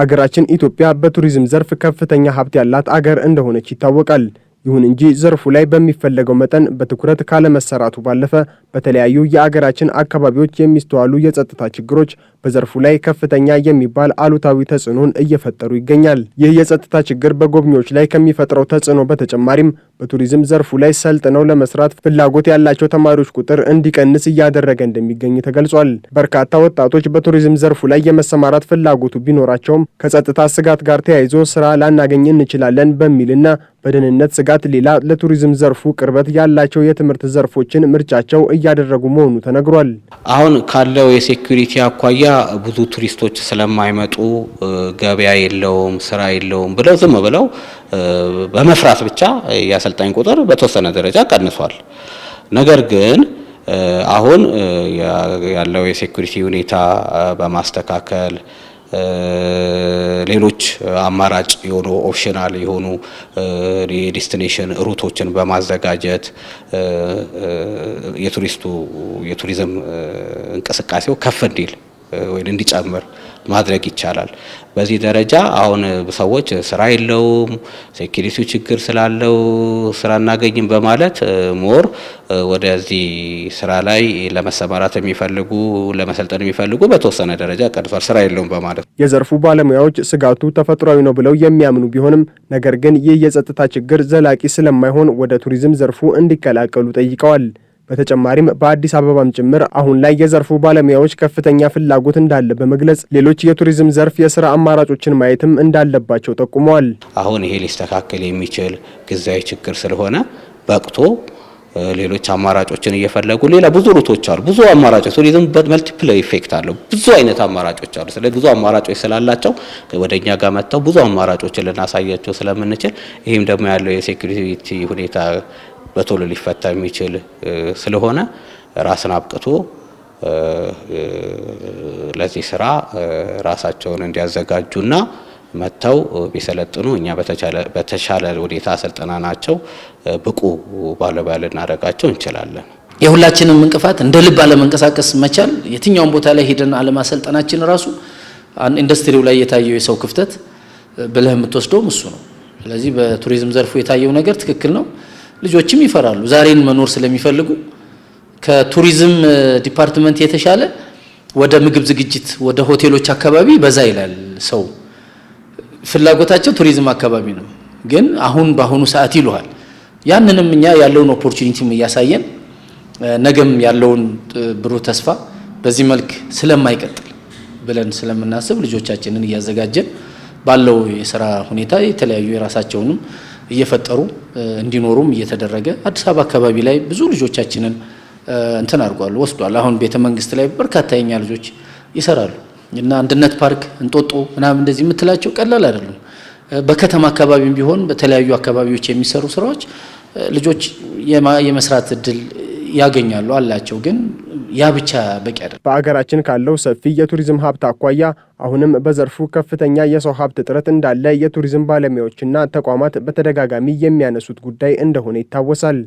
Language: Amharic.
አገራችን ኢትዮጵያ በቱሪዝም ዘርፍ ከፍተኛ ሀብት ያላት አገር እንደሆነች ይታወቃል። ይሁን እንጂ ዘርፉ ላይ በሚፈለገው መጠን በትኩረት ካለመሰራቱ ባለፈ በተለያዩ የአገራችን አካባቢዎች የሚስተዋሉ የጸጥታ ችግሮች በዘርፉ ላይ ከፍተኛ የሚባል አሉታዊ ተጽዕኖን እየፈጠሩ ይገኛል። ይህ የጸጥታ ችግር በጎብኚዎች ላይ ከሚፈጥረው ተጽዕኖ በተጨማሪም በቱሪዝም ዘርፉ ላይ ሰልጥነው ለመስራት ፍላጎት ያላቸው ተማሪዎች ቁጥር እንዲቀንስ እያደረገ እንደሚገኝ ተገልጿል። በርካታ ወጣቶች በቱሪዝም ዘርፉ ላይ የመሰማራት ፍላጎቱ ቢኖራቸውም ከጸጥታ ስጋት ጋር ተያይዞ ስራ ላናገኝ እንችላለን በሚልና በደህንነት ስጋት ሌላ ለቱሪዝም ዘርፉ ቅርበት ያላቸው የትምህርት ዘርፎችን ምርጫቸው እያደረጉ መሆኑ ተነግሯል። አሁን ካለው የሴኩሪቲ አኳያ ብዙ ቱሪስቶች ስለማይመጡ ገበያ የለውም፣ ስራ የለውም ብለው ዝም ብለው በመፍራት ብቻ የአሰልጣኝ ቁጥር በተወሰነ ደረጃ ቀንሷል። ነገር ግን አሁን ያለው የሴኩሪቲ ሁኔታ በማስተካከል ሌሎች አማራጭ የሆኑ ኦፕሽናል የሆኑ የዴስቲኔሽን ሩቶችን በማዘጋጀት የቱሪስቱ የቱሪዝም እንቅስቃሴው ከፍ እንዲል ወይ እንዲጨምር ማድረግ ይቻላል። በዚህ ደረጃ አሁን ሰዎች ስራ የለውም፣ ሴኪሪቲው ችግር ስላለው ስራ እናገኝም በማለት ሞር ወደዚህ ስራ ላይ ለመሰማራት የሚፈልጉ ለመሰልጠን የሚፈልጉ በተወሰነ ደረጃ ቀንሷል፣ ስራ የለውም በማለት የዘርፉ ባለሙያዎች ስጋቱ ተፈጥሯዊ ነው ብለው የሚያምኑ ቢሆንም ነገር ግን ይህ የጸጥታ ችግር ዘላቂ ስለማይሆን ወደ ቱሪዝም ዘርፉ እንዲቀላቀሉ ጠይቀዋል። በተጨማሪም በአዲስ አበባም ጭምር አሁን ላይ የዘርፉ ባለሙያዎች ከፍተኛ ፍላጎት እንዳለ በመግለጽ ሌሎች የቱሪዝም ዘርፍ የስራ አማራጮችን ማየትም እንዳለባቸው ጠቁመዋል። አሁን ይሄ ሊስተካከል የሚችል ጊዜያዊ ችግር ስለሆነ በቅቶ ሌሎች አማራጮችን እየፈለጉ ሌላ ብዙ ሩቶች አሉ። ብዙ አማራጮች ቱሪዝም በመልቲፕል ኢፌክት አለው። ብዙ አይነት አማራጮች አሉ። ስለዚህ ብዙ አማራጮች ስላላቸው ወደኛ ጋር መጥተው ብዙ አማራጮችን ልናሳያቸው ስለምንችል ይህም ደግሞ ያለው የሴኩሪቲ ሁኔታ በቶሎ ሊፈታ የሚችል ስለሆነ ራስን አብቅቶ ለዚህ ስራ ራሳቸውን እንዲያዘጋጁና መጥተው ቢሰለጥኑ እኛ በተሻለ ሁኔታ አሰልጥነናቸው ብቁ ባለሙያ ልናደርጋቸው እንችላለን። የሁላችንም እንቅፋት እንደ ልብ አለመንቀሳቀስ መቻል፣ የትኛውም ቦታ ላይ ሄደን አለማሰልጠናችን ራሱ ኢንዱስትሪው ላይ የታየው የሰው ክፍተት ብለህ የምትወስደውም እሱ ነው። ስለዚህ በቱሪዝም ዘርፉ የታየው ነገር ትክክል ነው። ልጆችም ይፈራሉ። ዛሬን መኖር ስለሚፈልጉ ከቱሪዝም ዲፓርትመንት የተሻለ ወደ ምግብ ዝግጅት ወደ ሆቴሎች አካባቢ በዛ ይላል ሰው። ፍላጎታቸው ቱሪዝም አካባቢ ነው፣ ግን አሁን በአሁኑ ሰዓት ይሉሃል። ያንንም እኛ ያለውን ኦፖርቹኒቲም እያሳየን ነገም ያለውን ብሩህ ተስፋ በዚህ መልክ ስለማይቀጥል ብለን ስለምናስብ ልጆቻችንን እያዘጋጀን ባለው የስራ ሁኔታ የተለያዩ የራሳቸውንም እየፈጠሩ እንዲኖሩም እየተደረገ አዲስ አበባ አካባቢ ላይ ብዙ ልጆቻችንን እንትን አድርጓል ወስዷል። አሁን ቤተ መንግስት ላይ በርካታ የኛ ልጆች ይሰራሉ እና አንድነት ፓርክ፣ እንጦጦ ምናምን እንደዚህ የምትላቸው ቀላል አይደሉም። በከተማ አካባቢም ቢሆን በተለያዩ አካባቢዎች የሚሰሩ ስራዎች ልጆች የመስራት እድል ያገኛሉ አላቸው ግን ያ ብቻ በቂ አይደለም። በአገራችን ካለው ሰፊ የቱሪዝም ሀብት አኳያ አሁንም በዘርፉ ከፍተኛ የሰው ሀብት እጥረት እንዳለ የቱሪዝም ባለሙያዎችና ተቋማት በተደጋጋሚ የሚያነሱት ጉዳይ እንደሆነ ይታወሳል።